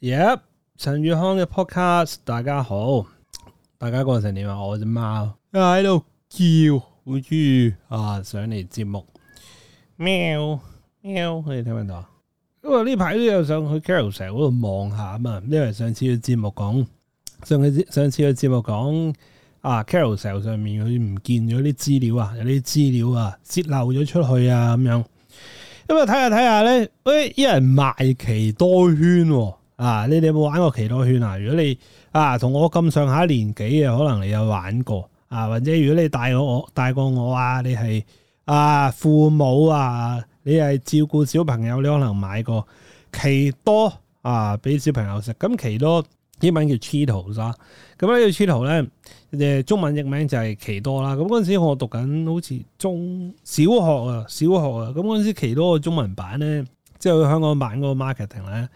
耶！yep，陳宇康嘅 podcast，大家好，大家過成點啊？我隻貓喺度叫，好注意啊！上嚟節目，喵喵，可以聽唔聽到？因為呢排都有上去 Carousel 嗰度望下啊嘛，因為上次嘅節目講，上次上次嘅節目講啊，Carousel 上面佢唔見咗啲資料啊，有啲資料啊泄漏咗出去啊咁樣。咁、嗯、啊，睇下睇下咧，喂，有、哎、人賣奇多圈、哦。啊！你哋有冇玩過奇多圈啊？如果你啊同我咁上下年紀嘅，可能你有玩過啊。或者如果你大過我，大過我啊，你係啊父母啊，你係照顧小朋友，你可能買過奇多啊，俾小朋友食。咁奇多英文叫 cheetos 咁、這個、che 呢隻 cheetos 咧，誒、就是、中文譯名就係、是、奇多啦。咁嗰陣時我讀緊好似中小學啊，小學啊。咁嗰陣時奇多嘅中文版咧，即、就、係、是、去香港版嗰個 marketing 咧。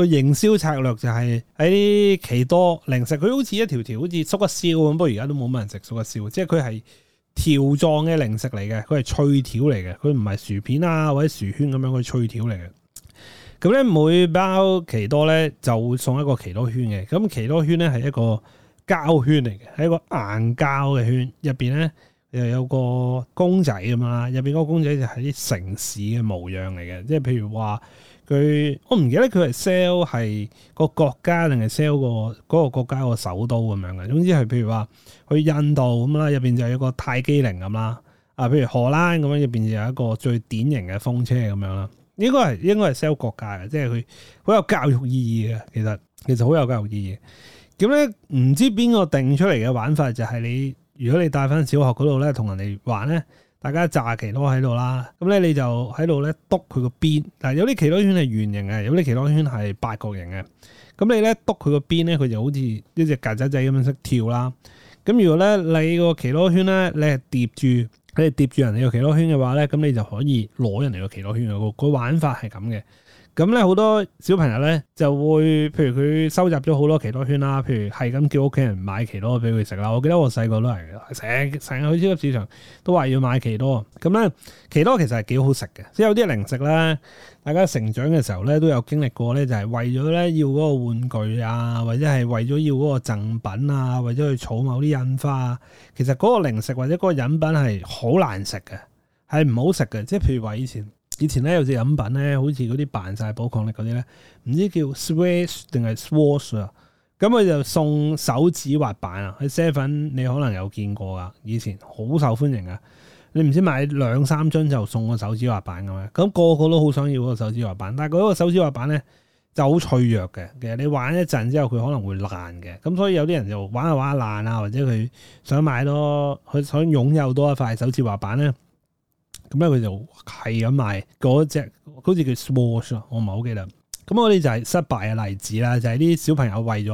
個營銷策略就係喺奇多零食，佢好似一條條好似縮個燒咁，不過而家都冇乜人食縮個燒，即係佢係條狀嘅零食嚟嘅，佢係脆條嚟嘅，佢唔係薯片啊或者薯圈咁樣，佢脆條嚟嘅。咁咧每包奇多咧就送一個奇多圈嘅，咁奇多圈咧係一個膠圈嚟嘅，係一個硬膠嘅圈，入邊咧又有個公仔咁嘛。入邊嗰個公仔就係啲城市嘅模樣嚟嘅，即係譬如話。佢我唔記得佢係 sell 係個國家定係 sell 個嗰個國家個首都咁樣嘅。總之係譬如話去印度咁啦，入邊就有一個泰姬陵咁啦。啊，譬如荷蘭咁樣入邊就有一個最典型嘅風車咁樣啦。應該係應該係 sell 國家嘅，即係佢好有教育意義嘅。其實其實好有教育意義。咁咧唔知邊個定出嚟嘅玩法就係你，如果你帶翻小學嗰度咧，同人哋玩咧。大家炸奇多喺度啦，咁咧你就喺度咧篤佢個邊。嗱，有啲奇多圈係圓形嘅，有啲奇多圈係八角形嘅。咁你咧篤佢個邊咧，佢就好似一隻曱甴仔咁樣識跳啦。咁如果咧你個奇多圈咧，你係疊住，你係疊住人哋個奇多圈嘅話咧，咁你就可以攞人哋個奇多圈嘅喎。個玩法係咁嘅。咁咧好多小朋友咧就會，譬如佢收集咗好多奇多圈啦，譬如係咁叫屋企人買奇多俾佢食啦。我記得我細個都係成成日去超級市場都話要買奇多。咁咧奇多其實係幾好食嘅，即係有啲零食咧，大家成長嘅時候咧都有經歷過咧，就係為咗咧要嗰個玩具啊，或者係為咗要嗰個贈品啊，為咗去儲某啲印花啊。其實嗰個零食或者嗰個飲品係好難食嘅，係唔好食嘅。即係譬如話以前。以前咧有隻飲品咧，好似嗰啲扮晒寶礦力嗰啲咧，唔知叫 Swash 定係 Swash 啊，咁佢就送手指滑板啊，喺 Seven 你可能有見過啊，以前好受歡迎啊，你唔知買兩三樽就送個手指滑板咁樣，咁、嗰個個都好想要嗰個手指滑板，但係嗰個手指滑板咧就好脆弱嘅，其實你玩一陣之後佢可能會爛嘅，咁所以有啲人就玩下玩下爛啊，或者佢想買多，佢想擁有多一塊手指滑板咧。咁咧佢就係咁賣嗰隻，好似叫 Swatch 咯，我唔係好記得。咁嗰啲就係失敗嘅例子啦，就係、是、啲小朋友為咗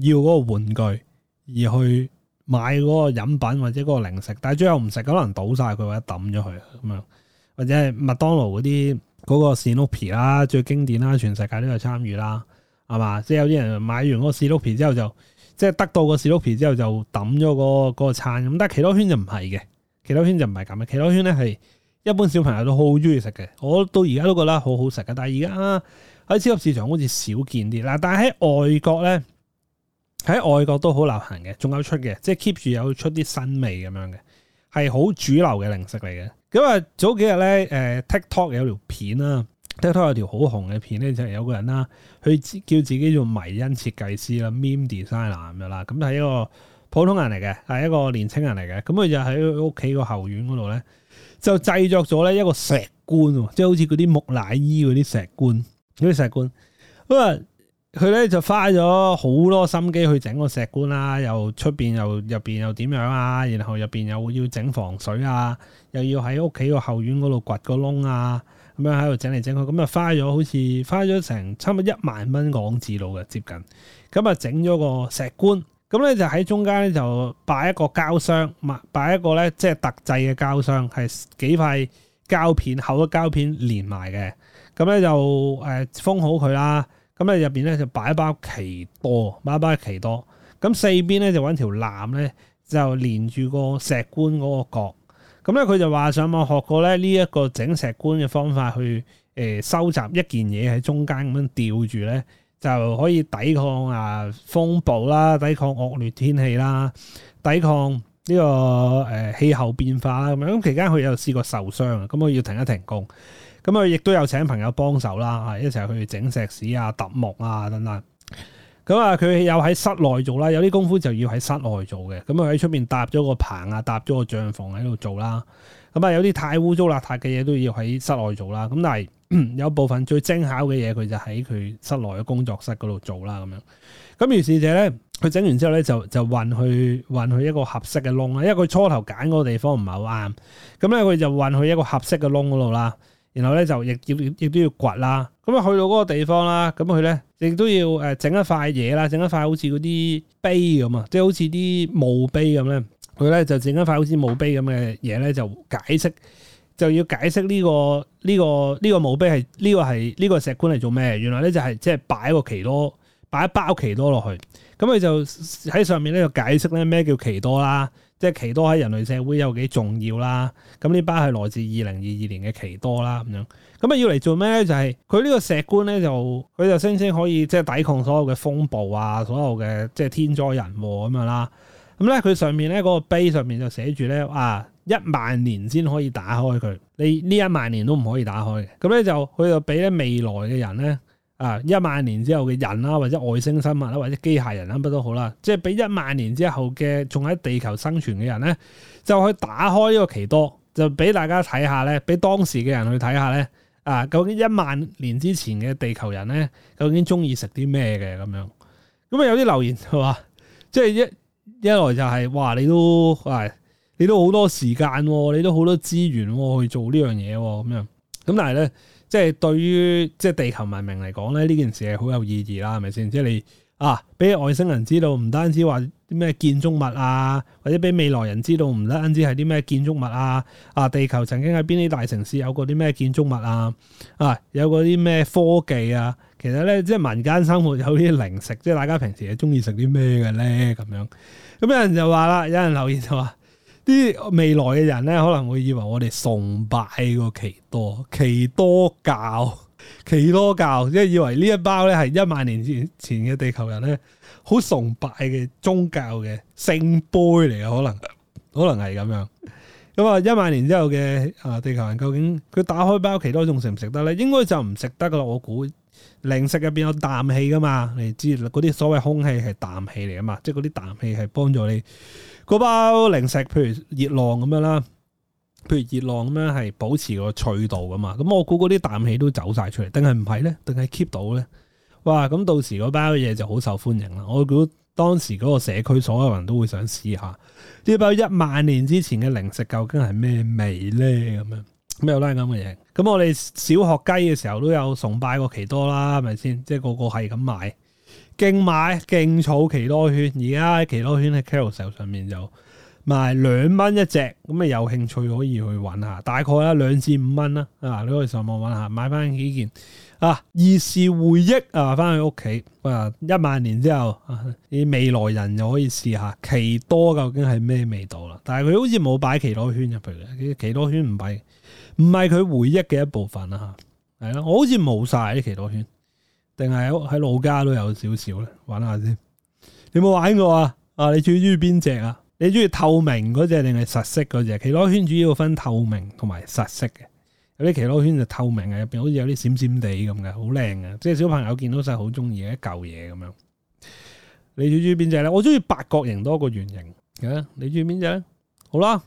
要嗰個玩具而去買嗰個飲品或者嗰個零食，但係最後唔食，可能倒晒佢或者抌咗佢咁樣，或者係麥當勞嗰啲嗰個 Snoopy 啦，最經典啦，全世界都有參與啦，係嘛？即、就、係、是、有啲人買完嗰個 Snoopy 之後就即係、就是、得到個 Snoopy 之後就抌咗個嗰個餐，咁但係奇多圈就唔係嘅。奇多圈就唔係咁嘅，奇多圈咧係一般小朋友都好中意食嘅，我到而家都覺得好好食嘅，但係而家喺超級市場好似少見啲，嗱，但喺外國咧喺外國都好流行嘅，仲有出嘅，即係 keep 住有出啲新味咁樣嘅，係好主流嘅零食嚟嘅。咁啊，早幾日咧，誒 TikTok 有條片啦，TikTok 有條好紅嘅片咧，就係有個人啦，佢叫自己做迷因設計師啦，Meme Designer 咁樣啦，咁係一個。普通人嚟嘅，係一個年青人嚟嘅，咁佢就喺屋企個後院嗰度咧，就製作咗咧一個石棺，即係好似嗰啲木乃伊嗰啲石棺，嗰啲石棺。咁啊，佢咧就花咗好多心機去整個石棺啦，又出邊又入邊又點樣啊，然後入邊又要整防水啊，又要喺屋企個後院嗰度掘個窿啊，咁樣喺度整嚟整去，咁啊花咗好似花咗成差唔多一萬蚊港紙度嘅接近，咁啊整咗個石棺。咁咧就喺中間咧就擺一個膠箱，啊擺一個咧即係特製嘅膠箱，係幾塊膠片厚嘅膠片連埋嘅。咁咧就誒封好佢啦。咁咧入邊咧就擺一包奇多，擺一包奇多。咁四邊咧就揾條纜咧就連住個石棺嗰個角。咁咧佢就話上網學過咧呢一個整石棺嘅方法去誒、呃、收集一件嘢喺中間咁樣吊住咧，就可以抵抗啊風暴啦，抵抗惡劣天氣啦，抵抗呢個誒氣候變化啦咁樣。咁期間佢有試過受傷啊，咁佢要停一停工。咁佢亦都有請朋友幫手啦，一齊去整石屎啊、揼木啊等等。咁啊，佢有喺室內做啦，有啲功夫就要喺室內做嘅。咁啊喺出面搭咗個棚啊，搭咗個帳篷喺度做啦。咁啊有啲太污糟邋遢嘅嘢都要喺室外做啦。咁但係。 有部分最精巧嘅嘢，佢就喺佢室內嘅工作室嗰度做啦，咁樣。咁於是者咧，佢整完之後咧，就就運去運去一個合適嘅窿啦。因為佢初頭揀嗰個地方唔係好啱，咁咧佢就運去一個合適嘅窿嗰度啦。然後咧就亦要亦都要掘啦。咁啊去到嗰個地方啦，咁佢咧亦都要誒整一塊嘢啦，整一塊好似嗰啲碑咁啊，即係好似啲墓碑咁咧。佢咧就整一塊好似墓碑咁嘅嘢咧，就解釋。就要解釋呢個呢個呢個墓碑係呢個係呢個石棺嚟做咩？原來咧就係即係擺個奇多，擺一包奇多落去。咁佢就喺上面咧就解釋咧咩叫奇多啦，即係奇多喺人類社會有幾重要啦。咁呢包係來自二零二二年嘅奇多啦，咁樣。咁啊要嚟做咩咧？就係佢呢個石棺咧就佢就聲稱可以即係抵抗所有嘅風暴啊，所有嘅即係天災人禍咁樣啦。咁咧佢上面咧嗰個碑上面就寫住咧啊。一萬年先可以打開佢，你呢一萬年都唔可以打開嘅，咁咧就佢就俾咧未來嘅人咧啊，一萬年之後嘅人啦，或者外星生物啦，或者機械人啦，乜都好啦，即係俾一萬年之後嘅仲喺地球生存嘅人咧，就去打開呢個奇多，就俾大家睇下咧，俾當時嘅人去睇下咧啊，究竟一萬年之前嘅地球人咧究竟中意食啲咩嘅咁樣？咁啊有啲留言就話，即係一一來就係，嘩，你都係。你都好多時間喎，你都好多資源喎去做呢樣嘢喎咁樣。咁但係咧，即係對於即係地球文明嚟講咧，呢件事係好有意義啦，係咪先？即係你啊，俾外星人知道唔單止話啲咩建築物啊，或者俾未來人知道唔單止係啲咩建築物啊，啊，地球曾經喺邊啲大城市有過啲咩建築物啊，啊，有過啲咩科技啊。其實咧，即係民間生活有啲零食，即係大家平時係中意食啲咩嘅咧咁樣。咁有人就話啦，有人留言就話。啲未來嘅人咧，可能會以為我哋崇拜個奇多、奇多教，奇多教即係以為呢一包咧係一萬年前前嘅地球人咧，好崇拜嘅宗教嘅聖杯嚟嘅，可能可能係咁樣。咁啊，一萬年之後嘅啊地球人究竟佢打開包，奇多仲食唔食得咧？應該就唔食得噶啦，我估零食入邊有氮氣噶嘛，你知嗰啲所謂空氣係氮氣嚟啊嘛，即係嗰啲氮氣係幫助你嗰包零食，譬如熱浪咁樣啦，譬如熱浪咁樣係保持個脆度噶嘛。咁我估嗰啲氮氣都走晒出嚟，定係唔係咧？定係 keep 到咧？哇！咁到時嗰包嘢就好受歡迎啦。我估。當時嗰個社區所有人都會想試下，知唔知一百一萬年之前嘅零食究竟係咩味咧？咁樣咩拉咁嘅嘢？咁我哋小學雞嘅時候都有崇拜過奇多啦，係咪先？即係個個係咁買，勁買勁儲奇多圈。而家奇多圈喺 Carousell 上面就～賣兩蚊一隻，咁啊有興趣可以去揾下，大概啊兩至五蚊啦，啊你可以上網揾下，買翻幾件啊，二是回憶啊，翻去屋企啊，一萬年之後，你、啊、未來人又可以試下奇多究竟係咩味道啦。但係佢好似冇擺奇多圈入去嘅，奇多圈唔擺，唔係佢回憶嘅一部分啦吓，係、啊、咯、啊，我好似冇晒啲奇多圈，定係喺老家都有少少咧，玩下先。你有冇玩過啊？啊，你最中意邊隻啊？你中意透明嗰隻定係實色嗰隻？奇羅圈主要分透明同埋實色嘅，有啲奇羅圈就透明嘅，入邊好似有啲閃閃地咁嘅，好靚嘅，即係小朋友見到晒好中意嘅一嚿嘢咁樣。你中意邊隻咧？我中意八角形多過圓形嘅。你中意邊隻咧？好啦，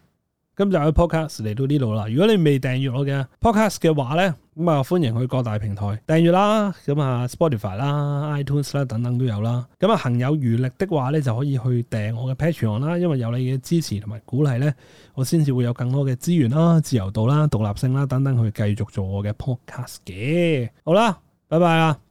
今集嘅 podcast 嚟到呢度啦。如果你未訂閱我嘅 podcast 嘅話咧。咁啊，歡迎去各大平台訂閱啦，咁、嗯、啊 Spotify 啦、iTunes 啦等等都有啦。咁、嗯、啊，行有餘力的話咧，就可以去訂我嘅 Patreon 啦。因為有你嘅支持同埋鼓勵咧，我先至會有更多嘅資源啦、自由度啦、獨立性啦等等，去繼續做我嘅 podcast 嘅。好啦，拜拜啊！